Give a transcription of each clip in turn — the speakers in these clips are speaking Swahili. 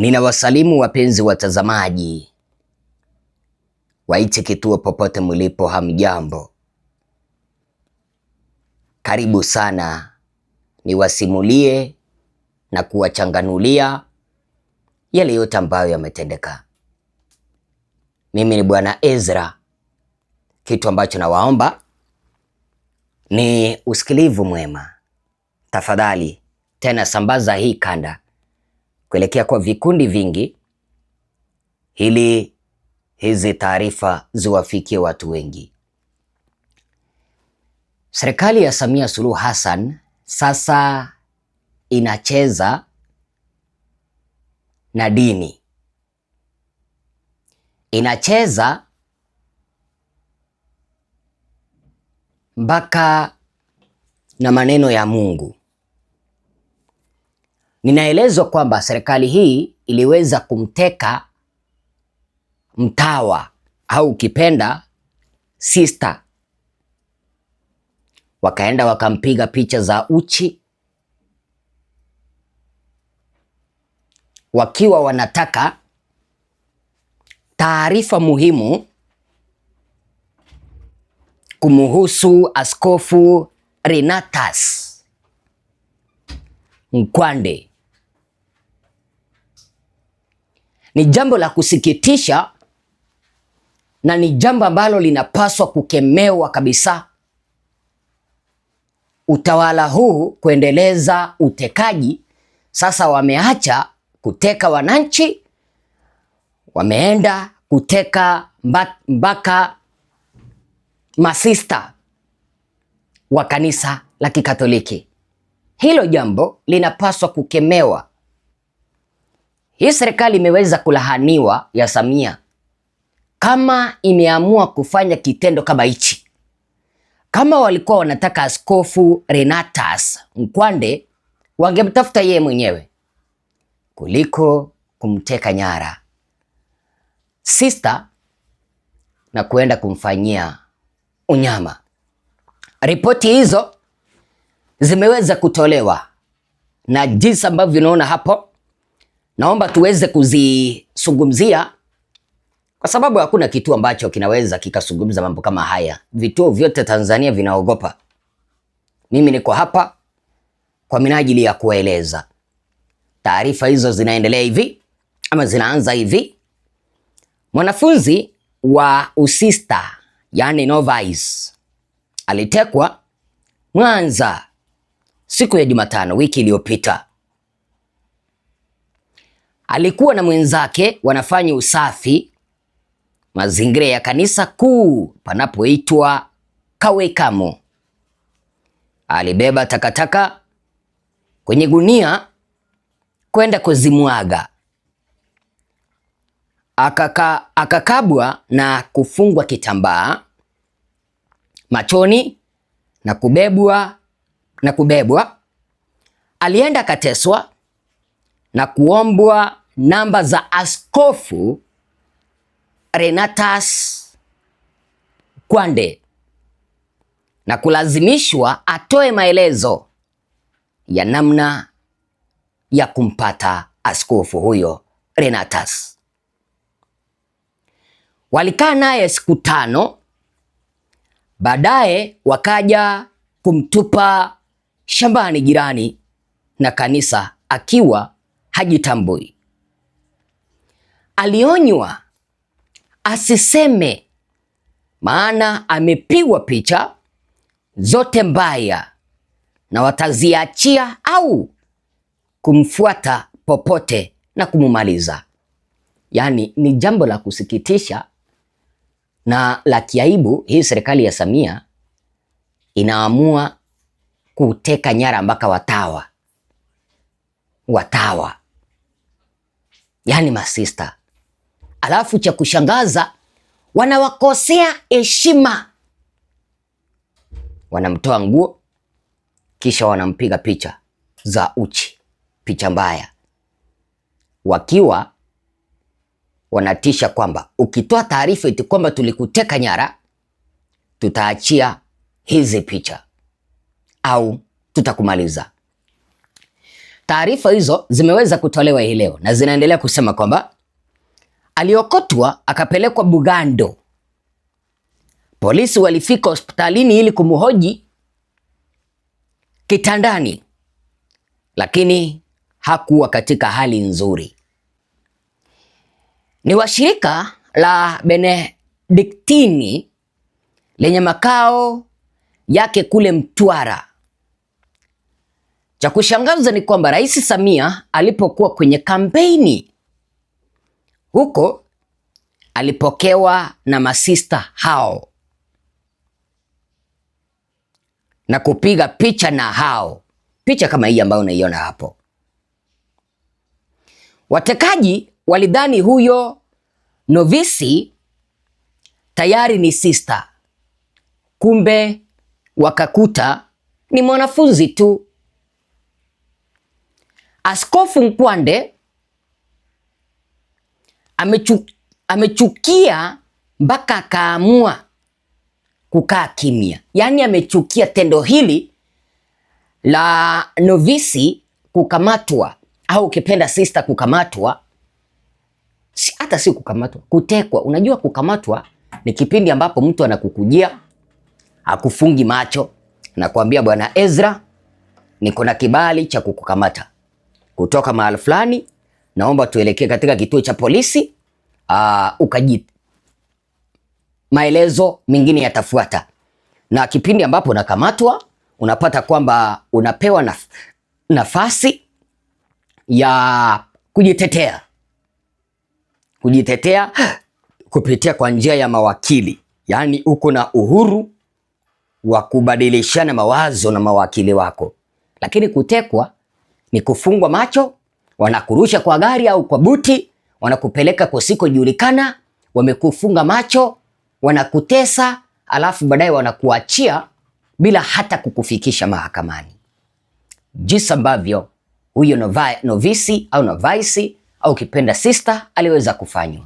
Ninawasalimu wapenzi watazamaji waite kituo popote mlipo, hamjambo, karibu sana niwasimulie na kuwachanganulia yale yote ambayo yametendeka. Mimi ni Bwana Ezra. Kitu ambacho nawaomba ni usikilivu mwema, tafadhali. Tena sambaza hii kanda kuelekea kwa vikundi vingi ili hizi taarifa ziwafikie watu wengi. Serikali ya Samia Suluhu Hassan sasa inacheza na dini, inacheza mpaka na maneno ya Mungu. Ninaelezwa kwamba serikali hii iliweza kumteka mtawa au ukipenda sister, wakaenda wakampiga picha za uchi wakiwa wanataka taarifa muhimu kumuhusu Askofu Renatus Nkwande. Ni jambo la kusikitisha na ni jambo ambalo linapaswa kukemewa kabisa. Utawala huu kuendeleza utekaji, sasa wameacha kuteka wananchi, wameenda kuteka mpaka masista wa kanisa la Kikatoliki. Hilo jambo linapaswa kukemewa. Hii serikali imeweza kulahaniwa ya Samia kama imeamua kufanya kitendo kama hichi. Kama walikuwa wanataka Askofu Renatus Mkwande wangemtafuta yeye mwenyewe kuliko kumteka nyara sister na kuenda kumfanyia unyama. Ripoti hizo zimeweza kutolewa na jinsi ambavyo unaona hapo naomba tuweze kuzizungumzia kwa sababu hakuna kituo ambacho kinaweza kikazungumza mambo kama haya. Vituo vyote Tanzania vinaogopa. Mimi niko hapa kwa minajili ya kueleza taarifa hizo. Zinaendelea hivi ama zinaanza hivi. Mwanafunzi wa usista, yani novice, alitekwa Mwanza siku ya Jumatano wiki iliyopita alikuwa na mwenzake wanafanya usafi mazingira ya kanisa kuu panapoitwa Kawekamo. Alibeba takataka kwenye gunia kwenda kuzimwaga, akaka akakabwa na kufungwa kitambaa machoni na kubebwa na kubebwa. Alienda akateswa na kuombwa namba za Askofu Renatus Kwande na kulazimishwa atoe maelezo ya namna ya kumpata askofu huyo Renatus. Walikaa naye siku tano, baadaye wakaja kumtupa shambani jirani na kanisa akiwa hajitambui alionywa asiseme, maana amepigwa picha zote mbaya na wataziachia au kumfuata popote na kumumaliza. Yaani ni jambo la kusikitisha na la kiaibu. Hii serikali ya Samia inaamua kuteka nyara mpaka watawa, watawa yaani masista alafu cha kushangaza wanawakosea heshima, wanamtoa nguo kisha wanampiga picha za uchi, picha mbaya, wakiwa wanatisha kwamba ukitoa taarifa eti kwamba tulikuteka nyara, tutaachia hizi picha au tutakumaliza. Taarifa hizo zimeweza kutolewa hii leo na zinaendelea kusema kwamba aliokotwa akapelekwa Bugando. Polisi walifika hospitalini ili kumhoji kitandani, lakini hakuwa katika hali nzuri. Ni washirika la Benediktini lenye makao yake kule Mtwara. Cha kushangaza ni kwamba Rais Samia alipokuwa kwenye kampeni huko alipokewa na masista hao na kupiga picha na hao, picha kama hii ambayo unaiona hapo. Watekaji walidhani huyo novisi tayari ni sista, kumbe wakakuta ni mwanafunzi tu. Askofu Nkwande amechu, amechukia mpaka akaamua kukaa kimya, yaani amechukia tendo hili la novisi kukamatwa au ukipenda sista kukamatwa, si hata si kukamatwa, kutekwa. Unajua kukamatwa ni kipindi ambapo mtu anakukujia akufungi macho, kuambia bwana Ezra, niko na kibali cha kukukamata kutoka mahali fulani naomba tuelekee katika kituo cha polisi uh, ah, ukaji maelezo mengine yatafuata. Na kipindi ambapo unakamatwa unapata kwamba unapewa naf nafasi ya kujitetea kujitetea kupitia kwa njia ya mawakili, yaani uko na uhuru wa kubadilishana mawazo na mawakili wako, lakini kutekwa ni kufungwa macho wanakurusha kwa gari au kwa buti, wanakupeleka kusikojulikana, wamekufunga macho, wanakutesa, alafu baadaye wanakuachia bila hata kukufikisha mahakamani. Jinsi ambavyo huyo novisi au novaisi au kipenda sister aliweza kufanywa.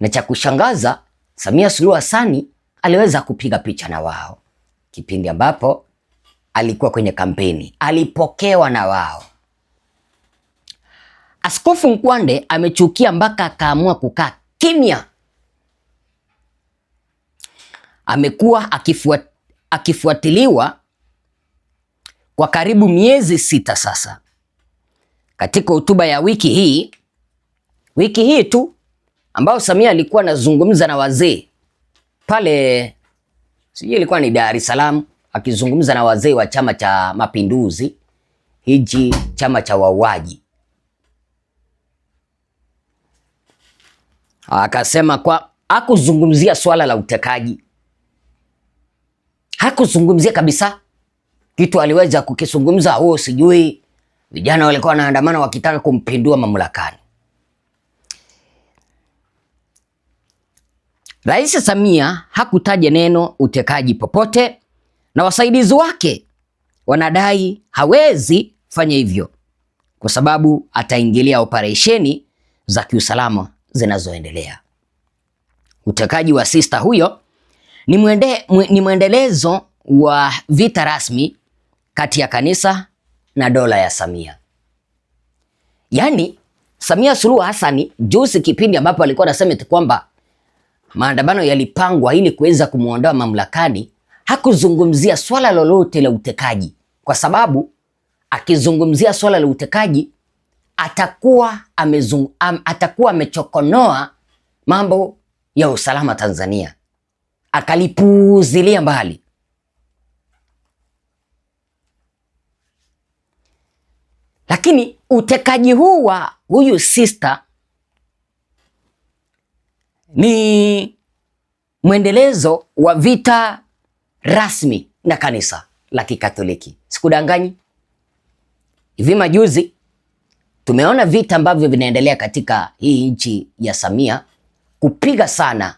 Na cha kushangaza, Samia Suluhu Hassan aliweza kupiga picha na wao kipindi ambapo alikuwa kwenye kampeni, alipokewa na wao. Askofu Nkwande amechukia mpaka akaamua kukaa kimya. Amekuwa akifuat, akifuatiliwa kwa karibu miezi sita sasa. Katika hotuba ya wiki hii, wiki hii tu ambayo Samia alikuwa anazungumza na wazee pale, sijui ilikuwa ni Dar es Salaam, akizungumza na wazee wa Chama cha Mapinduzi, hiji chama cha wauaji akasema kwa hakuzungumzia swala la utekaji, hakuzungumzia kabisa. Kitu aliweza kukizungumza huo, sijui vijana walikuwa wanaandamana wakitaka kumpindua mamlakani. Rais Samia hakutaja neno utekaji popote, na wasaidizi wake wanadai hawezi fanya hivyo kwa sababu ataingilia operesheni za kiusalama zinazoendelea. Utekaji wa sista huyo ni, mwende, ni mwendelezo wa vita rasmi kati ya kanisa na dola ya Samia. Yaani Samia Suluhu Hassan juzi, kipindi ambapo alikuwa anasema kwamba maandamano yalipangwa ili kuweza kumwondoa mamlakani, hakuzungumzia swala lolote la utekaji, kwa sababu akizungumzia swala la utekaji atakuwa amezung, am, atakuwa amechokonoa mambo ya usalama Tanzania, akalipuuzilia mbali. Lakini utekaji huu wa huyu sister ni mwendelezo wa vita rasmi na kanisa la Kikatoliki. Sikudanganyi, hivi majuzi Tumeona vita ambavyo vinaendelea katika hii nchi ya Samia kupiga sana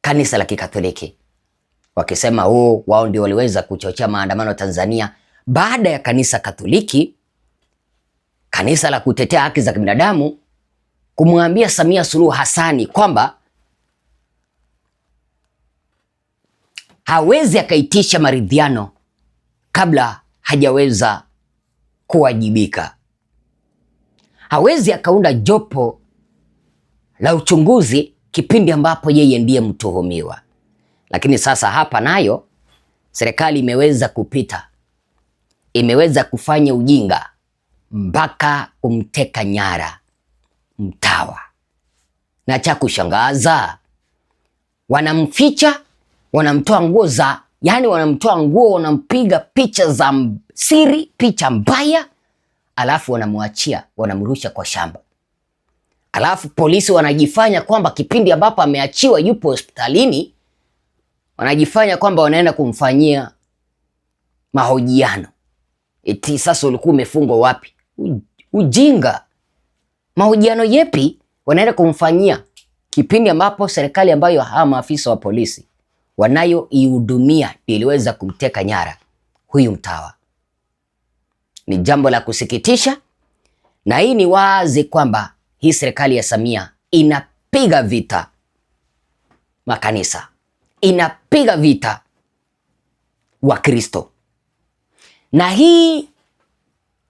kanisa la Kikatoliki, wakisema oh, wao ndio waliweza kuchochea maandamano Tanzania baada ya kanisa Katoliki, kanisa la kutetea haki za kibinadamu kumwambia Samia Suluhu Hassani kwamba hawezi akaitisha maridhiano kabla hajaweza kuwajibika. Hawezi akaunda jopo la uchunguzi kipindi ambapo yeye ndiye mtuhumiwa. Lakini sasa hapa nayo serikali imeweza kupita, imeweza kufanya ujinga mpaka kumteka nyara mtawa, na cha kushangaza wanamficha, wanamtoa nguo za Yaani wanamtoa nguo, wanampiga picha za siri, picha mbaya, alafu wanamwachia, wanamrusha kwa shamba. Alafu polisi wanajifanya kwamba kipindi ambapo ameachiwa yupo hospitalini, wanajifanya kwamba wanaenda kumfanyia mahojiano eti sasa ulikuwa umefungwa wapi? Ujinga! mahojiano yepi wanaenda kumfanyia kipindi ambapo serikali ambayo hawa maafisa wa polisi wanayoihudumia iliweza kumteka nyara huyu mtawa. Ni jambo la kusikitisha, na hii ni wazi kwamba hii serikali ya Samia inapiga vita makanisa, inapiga vita Wakristo na hii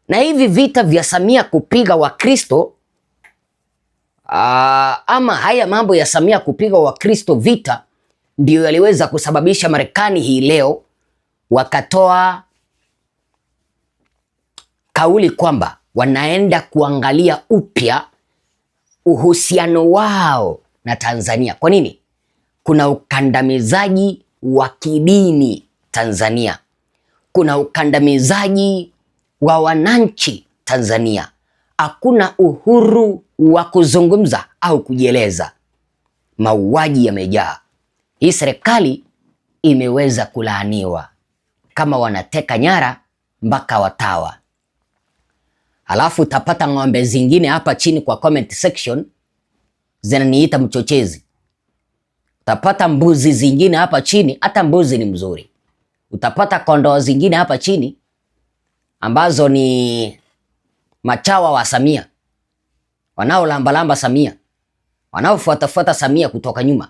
na hivi vita vya Samia kupiga Wakristo ama haya mambo ya Samia kupiga Wakristo vita ndiyo yaliweza kusababisha Marekani hii leo wakatoa kauli kwamba wanaenda kuangalia upya uhusiano wao na Tanzania. Kwa nini? Kuna ukandamizaji wa kidini Tanzania. Kuna ukandamizaji wa wananchi Tanzania. Hakuna uhuru wa kuzungumza au kujieleza. Mauaji yamejaa. Hii serikali imeweza kulaaniwa kama wanateka nyara mpaka watawa. Alafu utapata ng'ombe zingine hapa chini kwa comment section zinaniita mchochezi. Utapata mbuzi zingine hapa chini, hata mbuzi ni mzuri. Utapata kondoo zingine hapa chini ambazo ni machawa wa Samia, wanaolambalamba Samia, wanaofuatafuata Samia kutoka nyuma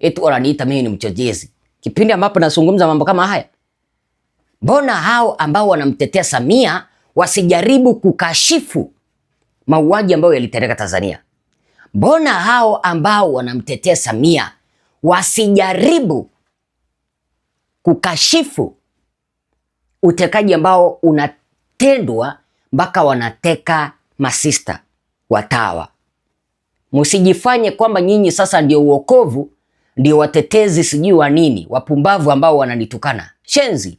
eti wananiita mimi ni mchochezi, kipindi ambapo nazungumza mambo kama haya? Mbona hao ambao wanamtetea Samia wasijaribu kukashifu mauaji ambayo yalitendeka Tanzania? Mbona hao ambao wanamtetea Samia wasijaribu kukashifu utekaji ambao unatendwa mpaka wanateka masista watawa? Msijifanye kwamba nyinyi sasa ndio uokovu ndio watetezi sijui wa nini, wapumbavu ambao wananitukana, shenzi.